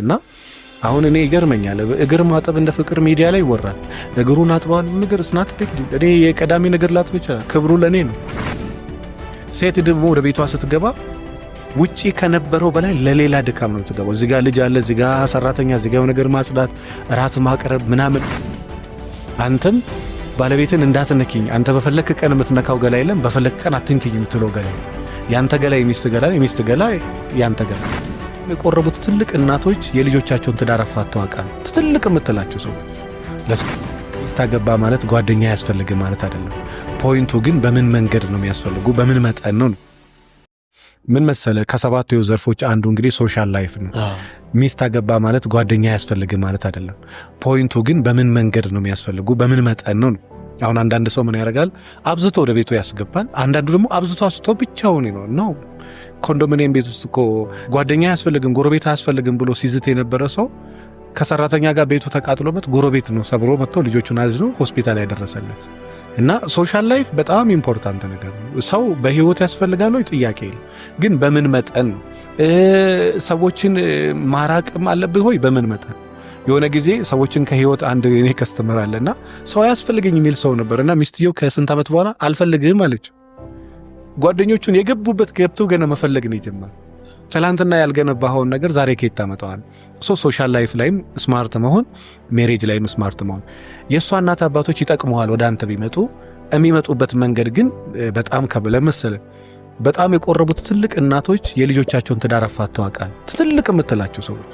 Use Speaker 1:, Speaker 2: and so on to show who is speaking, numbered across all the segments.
Speaker 1: ያለበት እና አሁን እኔ ይገርመኛል። እግር ማጠብ እንደ ፍቅር ሚዲያ ላይ ይወራል። እግሩን አጥባሉ ምግር ስናት እኔ የቀዳሚ ነገር ላጥብ ይችላል። ክብሩ ለእኔ ነው። ሴት ደግሞ ወደ ቤቷ ስትገባ ውጪ ከነበረው በላይ ለሌላ ድካም ነው የምትገባው። እዚጋ ልጅ አለ፣ እዚጋ ሰራተኛ፣ እዚጋ ነገር ማጽዳት፣ ራት ማቅረብ ምናምን። አንተም ባለቤትን እንዳትነኪኝ አንተ በፈለክ ቀን የምትነካው ገላ የለም፣ በፈለክ ቀን አትንኪኝ የምትለው ገላ ያንተ ገላ የሚስት ገላ የሚስት ገላ የአንተ ገላ ዓለም የቆረቡት ትልቅ እናቶች የልጆቻቸውን ትዳር አፋተው አውቃል። ትልቅ የምትላቸው ሰዎች ሚስት አገባ ማለት ጓደኛ ያስፈልግ ማለት አይደለም። ፖይንቱ ግን በምን መንገድ ነው የሚያስፈልጉ፣ በምን መጠን ነው። ምን መሰለ ከሰባቱ የው ዘርፎች አንዱ እንግዲህ ሶሻል ላይፍ ነው። ሚስት አገባ ማለት ጓደኛ ያስፈልግ ማለት አይደለም። ፖይንቱ ግን በምን መንገድ ነው የሚያስፈልጉ፣ በምን መጠን ነው። አሁን አንዳንድ ሰው ምን ያደርጋል? አብዝቶ ወደ ቤቱ ያስገባል። አንዳንዱ ደግሞ አብዝቶ አስቶ ብቻውን ይኖር ነው ኮንዶሚኒየም ቤት ውስጥ እኮ ጓደኛ አያስፈልግም ጎረቤት አያስፈልግም ብሎ ሲዝት የነበረ ሰው ከሰራተኛ ጋር ቤቱ ተቃጥሎበት ጎረቤት ነው ሰብሮ መጥቶ ልጆቹን አዝኖ ሆስፒታል ያደረሰለት እና ሶሻል ላይፍ በጣም ኢምፖርታንት ነገር ነው። ሰው በህይወት ያስፈልጋል ወይ ጥያቄ የለም። ግን በምን መጠን ሰዎችን ማራቅም አለብህ ሆይ በምን መጠን የሆነ ጊዜ ሰዎችን ከህይወት አንድ እኔ ከስተመር አለና ሰው አያስፈልገኝ የሚል ሰው ነበር እና ሚስትየው ከስንት ዓመት በኋላ አልፈልግህም አለች። ጓደኞቹን የገቡበት ገብተው ገና መፈለግ ነው የጀመር። ትላንትና ያልገነባኸውን ነገር ዛሬ ከየት ታመጣዋል? ሶ ሶሻል ላይፍ ላይም ስማርት መሆን፣ ሜሬጅ ላይም ስማርት መሆን። የእሷ እናት አባቶች ይጠቅመዋል ወደ አንተ ቢመጡ የሚመጡበት መንገድ ግን በጣም ከብለ መሰለ። በጣም የቆረቡት ትልቅ እናቶች የልጆቻቸውን ትዳር አፋተው አውቃል። ትልቅ የምትላቸው ሰዎች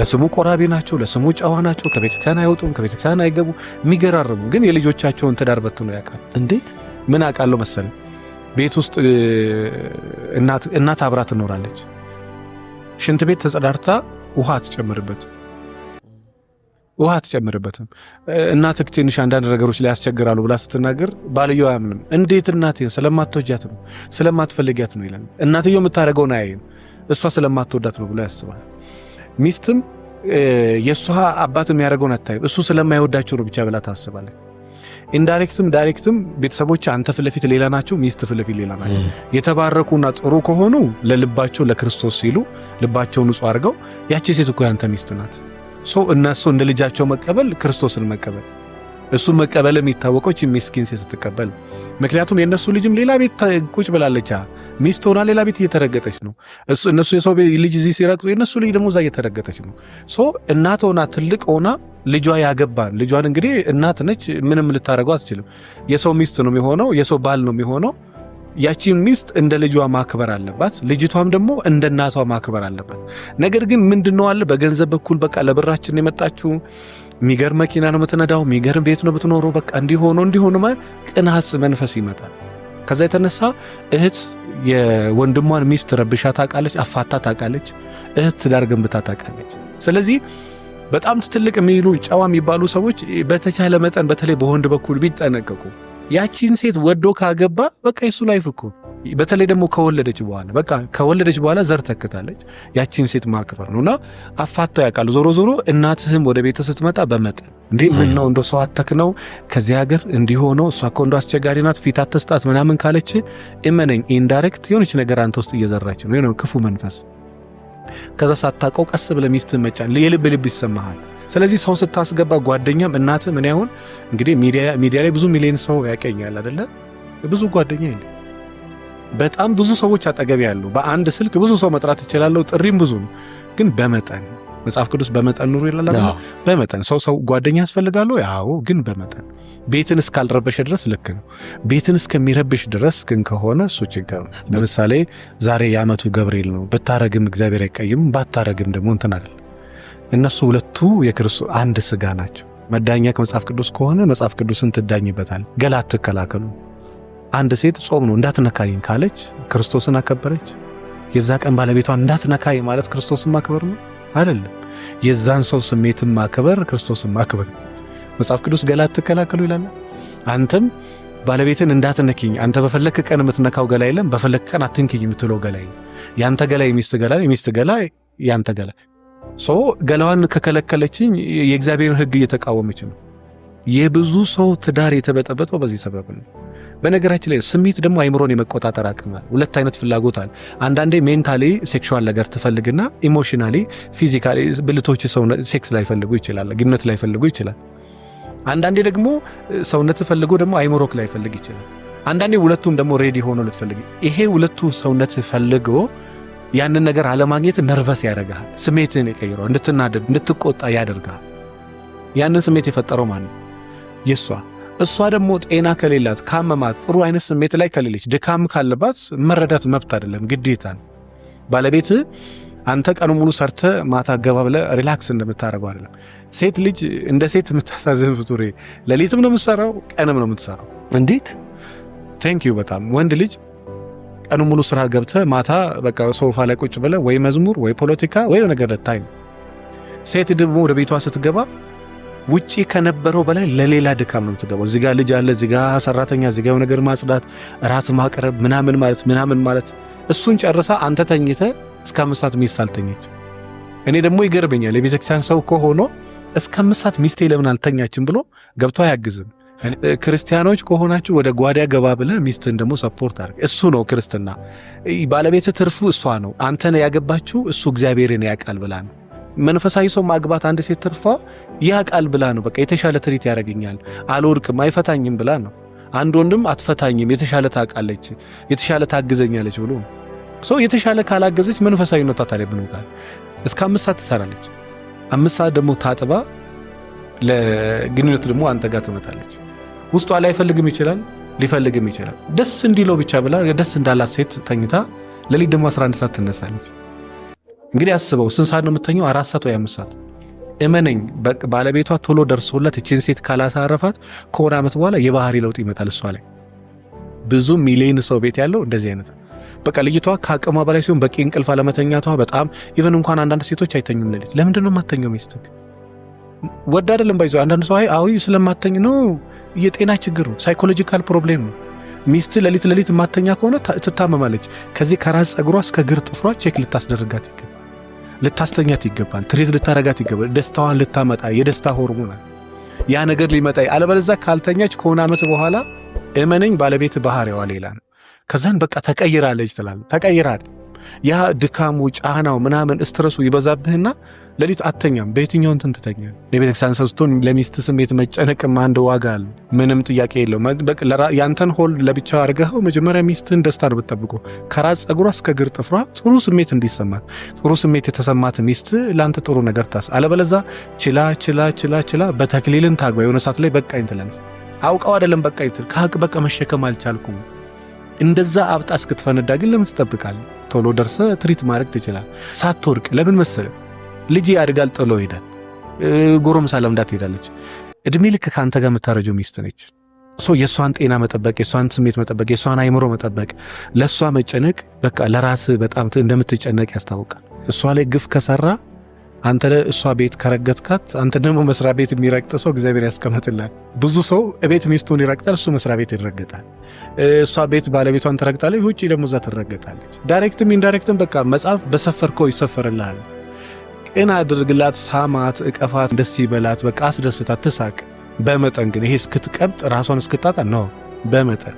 Speaker 1: ለስሙ ቆራቢ ናቸው፣ ለስሙ ጨዋ ናቸው። ከቤተክርስቲያን አይወጡም፣ ከቤተክርስቲያን አይገቡ፣ የሚገራርሙ ግን የልጆቻቸውን ትዳር በትኖ ያውቃል። እንዴት ምን አውቃለሁ መሰለ ቤት ውስጥ እናት አብራ ትኖራለች። ሽንት ቤት ተጸዳርታ ውሃ አትጨምርበት ውሃ አትጨምርበትም። እናትህ ትንሽ አንዳንድ ነገሮች ላይ ያስቸግራሉ ብላ ስትናገር ባልየው አያምንም። እንዴት እናትህ ስለማትወጃት ነው ስለማትፈልጊያት ነው ይለን። እናትየው የምታደርገውን አያይም፣ እሷ ስለማትወዳት ነው ብሎ ያስባል። ሚስትም የእሷ አባት የሚያደርገውን አታይም፣ እሱ ስለማይወዳቸው ነው ብቻ ብላ ታስባለች። ኢንዳይሬክትም ዳይሬክትም ቤተሰቦች አንተ ፍለፊት ሌላ ናቸው፣ ሚስት ፍለፊት ሌላ ናቸው። የተባረኩና ጥሩ ከሆኑ ለልባቸው ለክርስቶስ ሲሉ ልባቸውን ንጹ አድርገው ያቺ ሴት እኮ ያንተ ሚስት ናት። እነሱ እንደ ልጃቸው መቀበል ክርስቶስን መቀበል እሱ መቀበል የሚታወቀው ይህች ሴት ስትቀበል፣ ምክንያቱም የእነሱ ልጅም ሌላ ቤት ቁጭ ብላለች፣ ሚስት ሆና ሌላ ቤት እየተረገጠች ነው። እነሱ የሰው ልጅ እዚህ ሲረግጡ፣ የእነሱ ልጅ ደግሞ እዛ እየተረገጠች ነው። እናት ሆና ትልቅ ሆና ልጇ ያገባን ልጇን እንግዲህ እናት ነች፣ ምንም ልታደርገው አትችልም። የሰው ሚስት ነው የሚሆነው፣ የሰው ባል ነው የሚሆነው። ያቺን ሚስት እንደ ልጇ ማክበር አለባት፣ ልጅቷም ደግሞ እንደ እናቷ ማክበር አለባት። ነገር ግን ምንድነው አለ በገንዘብ በኩል በቃ ለብራችን የመጣችው የሚገርም መኪና ነው የምትነዳው፣ የሚገርም ቤት ነው ብትኖረው፣ በቃ እንዲሆኑ እንዲሆነ ቅናት መንፈስ ይመጣል። ከዛ የተነሳ እህት የወንድሟን ሚስት ረብሻ ታውቃለች፣ አፋታ ታውቃለች፣ እህት ትዳር ገንብታ ታውቃለች። ስለዚህ በጣም ትልቅ የሚሉ ጨዋ የሚባሉ ሰዎች በተቻለ መጠን በተለይ በወንድ በኩል ቢጠነቀቁ ያቺን ሴት ወዶ ካገባ በቃ የሱ ላይፍ እኮ በተለይ ደግሞ ከወለደች በኋላ በቃ ከወለደች በኋላ ዘር ተክታለች። ያቺን ሴት ማክበር ነው እና አፋቶ ያውቃሉ። ዞሮ ዞሮ እናትህም ወደ ቤተ ስትመጣ በመጠን እንዴ ምን ነው እንደ ሰው አተክ ነው ከዚህ ሀገር እንዲሆነው እሷ እኮ እንደ አስቸጋሪ ናት ፊት አትስጣት ምናምን ካለች እመነኝ ኢንዳይሬክት የሆነች ነገር አንተ ውስጥ እየዘራች ነው ክፉ መንፈስ ከዛ ሳታውቀው ቀስ ብለ ሚስት መጫን የልብ ልብ ይሰማሃል። ስለዚህ ሰው ስታስገባ ጓደኛም እናት ምን ያሁን እንግዲህ ሚዲያ ላይ ብዙ ሚሊዮን ሰው ያቀኛል አደለ? ብዙ ጓደኛ የለ። በጣም ብዙ ሰዎች አጠገብ ያሉ፣ በአንድ ስልክ ብዙ ሰው መጥራት ይችላለሁ። ጥሪም ብዙ ነው፣ ግን በመጠን መጽሐፍ ቅዱስ በመጠን ኑሩ ይላል። በመጠን ሰው ሰው ጓደኛ ያስፈልጋሉ። ያው ግን በመጠን ቤትን እስካልረበሸ ድረስ ልክ ነው። ቤትን እስከሚረብሽ ድረስ ግን ከሆነ እሱ ችግር ነው። ለምሳሌ ዛሬ የዓመቱ ገብርኤል ነው። ብታረግም እግዚአብሔር አይቀይም፣ ባታረግም ደግሞ እንትን አይደለም። እነሱ ሁለቱ የክርስቶስ አንድ ስጋ ናቸው። መዳኛ ከመጽሐፍ ቅዱስ ከሆነ መጽሐፍ ቅዱስን ትዳኝበታል። ገላ አትከላከሉ። አንድ ሴት ጾም ነው እንዳትነካኝ ካለች ክርስቶስን አከበረች። የዛ ቀን ባለቤቷ እንዳትነካኝ ማለት ክርስቶስን ማክበር ነው አይደለም። የዛን ሰው ስሜትን ማክበር ክርስቶስን ማክበር ነው። መጽሐፍ ቅዱስ ገላ አትከላከሉ ይላል። አንተም ባለቤትን እንዳትነኪኝ አንተ በፈለክ ቀን የምትነካው ገላ የለም፣ በፈለክ ቀን አትንኪኝ የምትለው ገላ ያንተ ገላ የሚስት ገላ የሚስት ገላ ያንተ ገላ ሶ ገላዋን ከከለከለችኝ የእግዚአብሔርን ሕግ እየተቃወመች ነው። የብዙ ሰው ትዳር የተበጠበጠው በዚህ ሰበብ ነው። በነገራችን ላይ ስሜት ደግሞ አይምሮን የመቆጣጠር አቅማል። ሁለት አይነት ፍላጎት አለ። አንዳንዴ ሜንታሊ ሴክሹዋል ነገር ትፈልግና ኢሞሽናሊ ፊዚካሊ ብልቶች ሰው ሴክስ ላይፈልጉ ይችላል፣ ግንኙነት ላይፈልጉ ይችላል። አንዳንዴ ደግሞ ሰውነት ፈልጎ ደግሞ አይምሮክ ላይ ፈልግ ይችላል። አንዳንዴ ሁለቱም ደግሞ ሬዲ ሆኖ ልትፈልግ ይሄ ሁለቱ ሰውነት ፈልጎ ያንን ነገር አለማግኘት ነርቨስ ያደርግሃል። ስሜትን ይቀይረዋል። እንድትናደድ እንድትቆጣ ያደርግሃል። ያንን ስሜት የፈጠረው ማን ነው? የእሷ እሷ ደግሞ ጤና ከሌላት ካመማት፣ ጥሩ አይነት ስሜት ላይ ከሌለች፣ ድካም ካለባት መረዳት መብት አይደለም ግዴታ ነው ባለቤት አንተ ቀኑ ሙሉ ሰርተ ማታ ገባ ብለ ሪላክስ እንደምታደርገው አይደለም። ሴት ልጅ እንደ ሴት የምታሳዝን ፍጡር፣ ሌሊትም ነው የምትሰራው፣ ቀንም ነው የምትሰራው። እንዴት ቴንክ ዩ በጣም ወንድ ልጅ ቀኑ ሙሉ ስራ ገብተ ማታ በቃ ሶፋ ላይ ቁጭ ብለ ወይ መዝሙር ወይ ፖለቲካ ወይ ነገር ልታይ ነው። ሴት ደግሞ ወደ ቤቷ ስትገባ ውጪ ከነበረው በላይ ለሌላ ድካም ነው የምትገባው። ጋ ልጅ አለ፣ እዚጋ ሰራተኛ፣ ጋ ነገር ማጽዳት፣ ራት ማቅረብ ምናምን ማለት ምናምን ማለት እሱን ጨርሳ አንተ ተኝተ እስከ አምስት ሰዓት ሚስት አልተኛች። እኔ ደግሞ ይገርመኛል የቤተክርስቲያን ሰው ከሆኖ እስከ አምስት ሰዓት ሚስቴ ለምን አልተኛችም ብሎ ገብቶ አያግዝም። ክርስቲያኖች ከሆናችሁ ወደ ጓዳ ገባ ብለ ሚስትን ደግሞ ሰፖርት አድርግ። እሱ ነው ክርስትና። ባለቤት ትርፉ እሷ ነው። አንተን ያገባችሁ እሱ እግዚአብሔርን ያውቃል ብላ ነው። መንፈሳዊ ሰው ማግባት አንድ ሴት ትርፏ ያውቃል ብላ ነው። በቃ የተሻለ ትሪት ያደርገኛል፣ አልወድቅም፣ አይፈታኝም ብላ ነው። አንድ ወንድም አትፈታኝም፣ የተሻለ ታውቃለች፣ የተሻለ ታግዘኛለች ብሎ ነው። ሰው የተሻለ ካላገዘች መንፈሳዊነቷ ታዲያ ብሎ ጋር እስከ አምስት ሰዓት ትሰራለች። አምስት ሰዓት ደግሞ ታጥባ ለግንኙነት ደግሞ አንተ ጋር ትመጣለች። ውስጧ ላይፈልግም ይችላል፣ ሊፈልግም ይችላል። ደስ እንዲለው ብቻ ብላ ደስ እንዳላት ሴት ተኝታ ለሊት ደግሞ 11 ሰዓት ትነሳለች። እንግዲህ አስበው ስንት ሰዓት ነው የምተኘው? አራት ሰዓት ወይ አምስት ሰዓት። እመነኝ ባለቤቷ ቶሎ ደርሶላት እችን ሴት ካላሳረፋት ከሆነ ዓመት በኋላ የባህሪ ለውጥ ይመጣል እሷ ላይ። ብዙ ሚሊዮን ሰው ቤት ያለው እንደዚህ አይነት በቃ ልጅቷ ከአቅሟ በላይ ሲሆን በቂ እንቅልፍ አለመተኛቷ በጣም ኢቨን እንኳን አንዳንድ ሴቶች አይተኙም ሌሊት። ለምንድን ነው የማተኘው? ሚስትህ ወድ አይደለም ባይዘ አንዳንድ ሰው አይ አዊ ስለማተኝ ነው የጤና ችግር ነው፣ ሳይኮሎጂካል ፕሮብሌም ነው። ሚስት ሌሊት ሌሊት የማተኛ ከሆነ ትታመማለች። ከዚህ ከራስ ጸጉሯ እስከ ግር ጥፍሯ ቼክ ልታስደርጋት ይገባል፣ ልታስተኛት ይገባል፣ ትሬት ልታረጋት ይገባል። ደስታዋን ልታመጣ የደስታ ሆርሞና ያ ነገር ሊመጣ አለበለዚያ ካልተኛች ከሆነ ዓመት በኋላ እመነኝ ባለቤት ባህሪዋ ሌላ ነው። ከዛን በቃ ተቀይራለች ትላለ ተቀይራል። ያ ድካሙ፣ ጫናው ምናምን እስትረሱ ይበዛብህና ሌሊት አተኛም። በየትኛው እንትን ትተኛ? ለቤተክርስቲያን ሰውስቶን ለሚስት ስሜት መጨነቅም አንድ ዋጋ አለ። ምንም ጥያቄ የለው። ያንተን ሆል ለብቻ አድርገኸው መጀመሪያ ሚስትህን ደስታ ነው ብትጠብቆ ከራስ ጸጉሯ እስከ ግር ጥፍሯ ጥሩ ስሜት እንዲሰማት ጥሩ ስሜት የተሰማት ሚስት ለአንተ ጥሩ ነገር ታስ አለበለዛ ችላ ችላ ችላ ችላ በተክሊልን ታግባ የሆነ ሰዓት ላይ በቃኝ ትላለች። አውቀው አይደለም በቃኝ ትል ከሀቅ በቃ መሸከም አልቻልኩም እንደዛ አብጣ እስክትፈነዳ ግን ለምን ትጠብቃል? ቶሎ ደርሰ ትሪት ማድረግ ትችላል። ሳትወርቅ ለምን መሰለ ልጅ አድጋል ጥሎ ሄደ ጎረምሳ ለምዳ ትሄዳለች። እድሜ ልክ ከአንተ ጋር የምታረጀው ሚስት ነች። የእሷን ጤና መጠበቅ፣ የእሷን ስሜት መጠበቅ፣ የእሷን አይምሮ መጠበቅ፣ ለእሷ መጨነቅ በቃ ለራስ በጣም እንደምትጨነቅ ያስታውቃል። እሷ ላይ ግፍ ከሰራ አንተ እሷ ቤት ከረገጥካት አንተ ደግሞ መስሪያ ቤት የሚረግጥ ሰው እግዚአብሔር ያስቀምጥላል። ብዙ ሰው ቤት ሚስቱን ይረግጣል፣ እሱ መስሪያ ቤት ይረገጣል። እሷ ቤት ባለቤቷን ትረግጣለች፣ ውጭ ደግሞ እዛ ትረገጣለች። ዳይሬክትም ኢንዳይሬክትም በቃ መጽሐፍ በሰፈርከው ይሰፈርልሃል። ቅን አድርግላት፣ ሳማት፣ እቀፋት፣ ደስ ይበላት፣ በቃ አስደስታት፣ ትሳቅ። በመጠን ግን ይሄ እስክትቀብጥ ራሷን እስክታጣ ነው። በመጠን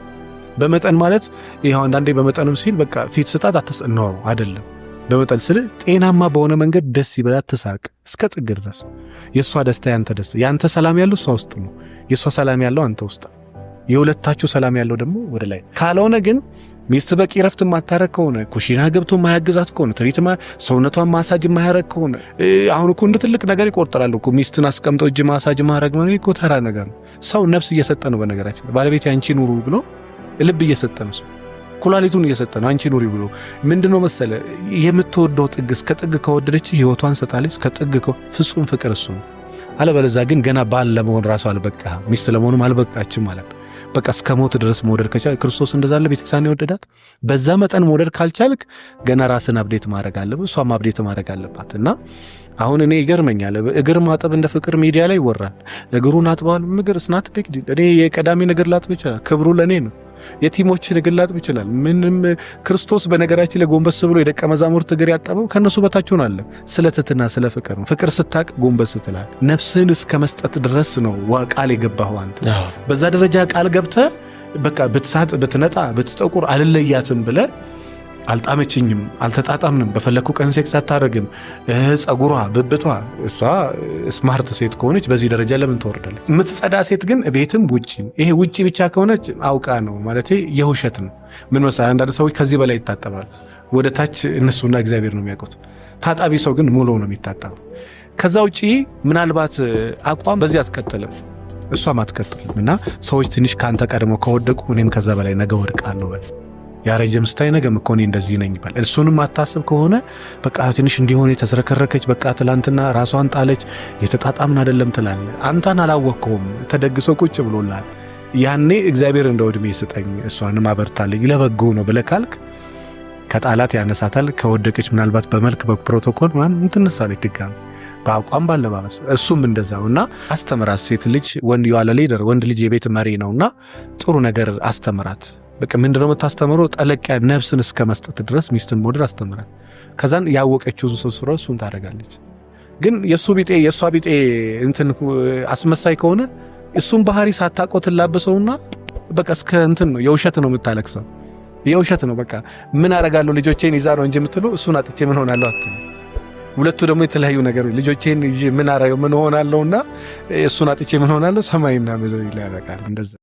Speaker 1: በመጠን ማለት ይህ አንዳንዴ በመጠኑም ሲል በቃ ፊት ስጣት አትስ ነው አይደለም በመጠን ስል ጤናማ በሆነ መንገድ ደስ ይበላት፣ ትሳቅ እስከ ጥግ ድረስ። የእሷ ደስታ ያንተ ደስታ፣ ያንተ ሰላም ያለው እሷ ውስጥ ነው። የእሷ ሰላም ያለው አንተ ውስጥ ነው። የሁለታችሁ ሰላም ያለው ደግሞ ወደ ላይ ካልሆነ ግን ሚስት በቂ ረፍት የማታረግ ከሆነ ኩሽና ገብቶ ማያግዛት ከሆነ ትሪት ሰውነቷን ማሳጅ የማያረግ ከሆነ አሁን እኮ እንደ ትልቅ ነገር ይቆርጠራል እኮ ሚስትን አስቀምጦ እጅ ማሳጅ ማድረግ ነው እኮ ተራ ነገር ነው። ሰው ነፍስ እየሰጠ ነው። በነገራችን ባለቤት ያንቺ ኑሩ ብሎ ልብ እየሰጠ ነው ሰው ኩላሊቱን እየሰጠ ነው። አንቺ ኑሪ ብሎ ምንድነው መሰለ የምትወደው ጥግ እስከ ጥግ ከወደደች ህይወቷን ሰጣለች። ጥግ ፍጹም ፍቅር እሱ ነው። አለበለዛ ግን ገና ባል ለመሆን ራሱ አልበቃ ሚስት ለመሆኑም አልበቃችም ማለት ነው። በቃ እስከ ሞት ድረስ መውደድ ከቻልክ ክርስቶስ እንደዛ አለ ቤተክርስቲያን የወደዳት በዛ መጠን መውደድ ካልቻልክ ገና ራስን አብዴት ማድረግ አለብህ፣ እሷም አብዴት ማድረግ አለባት። እና አሁን እኔ ይገርመኛል፣ እግር ማጠብ እንደ ፍቅር ሚዲያ ላይ ይወራል። እግሩን አጥበዋል ምግር ስናት ቢግ እኔ የቀዳሚ ነገር ላጥብ ይችላል። ክብሩ ለእኔ ነው። የቲሞችን እግር ላጥብ ይችላል። ምንም ክርስቶስ በነገራችን ላይ ጎንበስ ብሎ የደቀ መዛሙርት እግር ያጠበው ከእነሱ በታች አለ። ስለ ትትና ስለ ፍቅር ነው። ፍቅር ስታቅ ጎንበስ ትላል። ነፍስህን እስከ መስጠት ድረስ ነው ቃል የገባኸው አንተ በዛ ደረጃ ቃል ገብተህ በቃ ብትሳጥ ብትነጣ ብትጠቁር አልለያትም ብለህ አልጣመችኝም፣ አልተጣጣምንም፣ በፈለግኩ ቀን ሴክስ አታደርግም፣ ጸጉሯ፣ ብብቷ። እሷ ስማርት ሴት ከሆነች በዚህ ደረጃ ለምን ትወርዳለች? የምትጸዳ ሴት ግን ቤትም ውጭ። ይሄ ውጭ ብቻ ከሆነች አውቃ ነው ማለት የውሸት ነው። ምን መሰለህ አንዳንድ ሰዎች ከዚህ በላይ ይታጠባል፣ ወደ ታች እነሱና እግዚአብሔር ነው የሚያውቁት። ታጣቢ ሰው ግን ሙሉ ነው የሚታጠበው። ከዛ ውጭ ምናልባት አቋም በዚህ አስቀጥልም እሷም አትቀጥልም እና ሰዎች ትንሽ ከአንተ ቀድሞ ከወደቁ እኔም ከዛ በላይ ነገ ወድቃለሁ በል ያረጀ ምስታይ ነገም እኮ እኔ እንደዚህ ነኝ ይባል። እሱንም አታስብ ከሆነ በቃ ትንሽ እንዲሆን የተዝረከረከች በቃ ትላንትና ራሷን ጣለች የተጣጣምን አይደለም ትላለ። አንተን አላወቅከውም ተደግሶ ቁጭ ብሎላል። ያኔ እግዚአብሔር እንደ ዕድሜ ስጠኝ እሷንም አበርታለኝ ለበጎ ነው ብለህ ካልክ ከጣላት ያነሳታል። ከወደቀች ምናልባት በመልክ በፕሮቶኮል ምናምን ትነሳለች ድጋሚ በአቋም ባለባበስ እሱም እንደዛው እና አስተምራት ሴት ልጅ ወንድ የዋለ ሊደር ወንድ ልጅ የቤት መሪ ነውና ጥሩ ነገር አስተምራት። በቃ ምንድነው የምታስተምረው? ጠለቅ ነፍስን እስከ መስጠት ድረስ ሚስትን መውደድ አስተምራል። ከዛን ያወቀችውን ሰው ስራ እሱን ታደርጋለች። ግን የእሱ ቢጤ የእሷ ቢጤ እንትን አስመሳይ ከሆነ እሱን ባህሪ ሳታውቀው ትላበሰውና በቃ እስከ እንትን ነው የውሸት ነው የምታለቅሰው። የውሸት ነው በቃ ምን አረጋለሁ ልጆቼን ይዛ ነው እንጂ የምትለው እሱን አጥቼ ምን ሆናለሁ አትል። ሁለቱ ደግሞ የተለያዩ ነገር ልጆቼን ምን ሆናለሁና እሱን አጥቼ ምን ሆናለሁ ሰማይና ምድር ይለያረቃል እንደዛ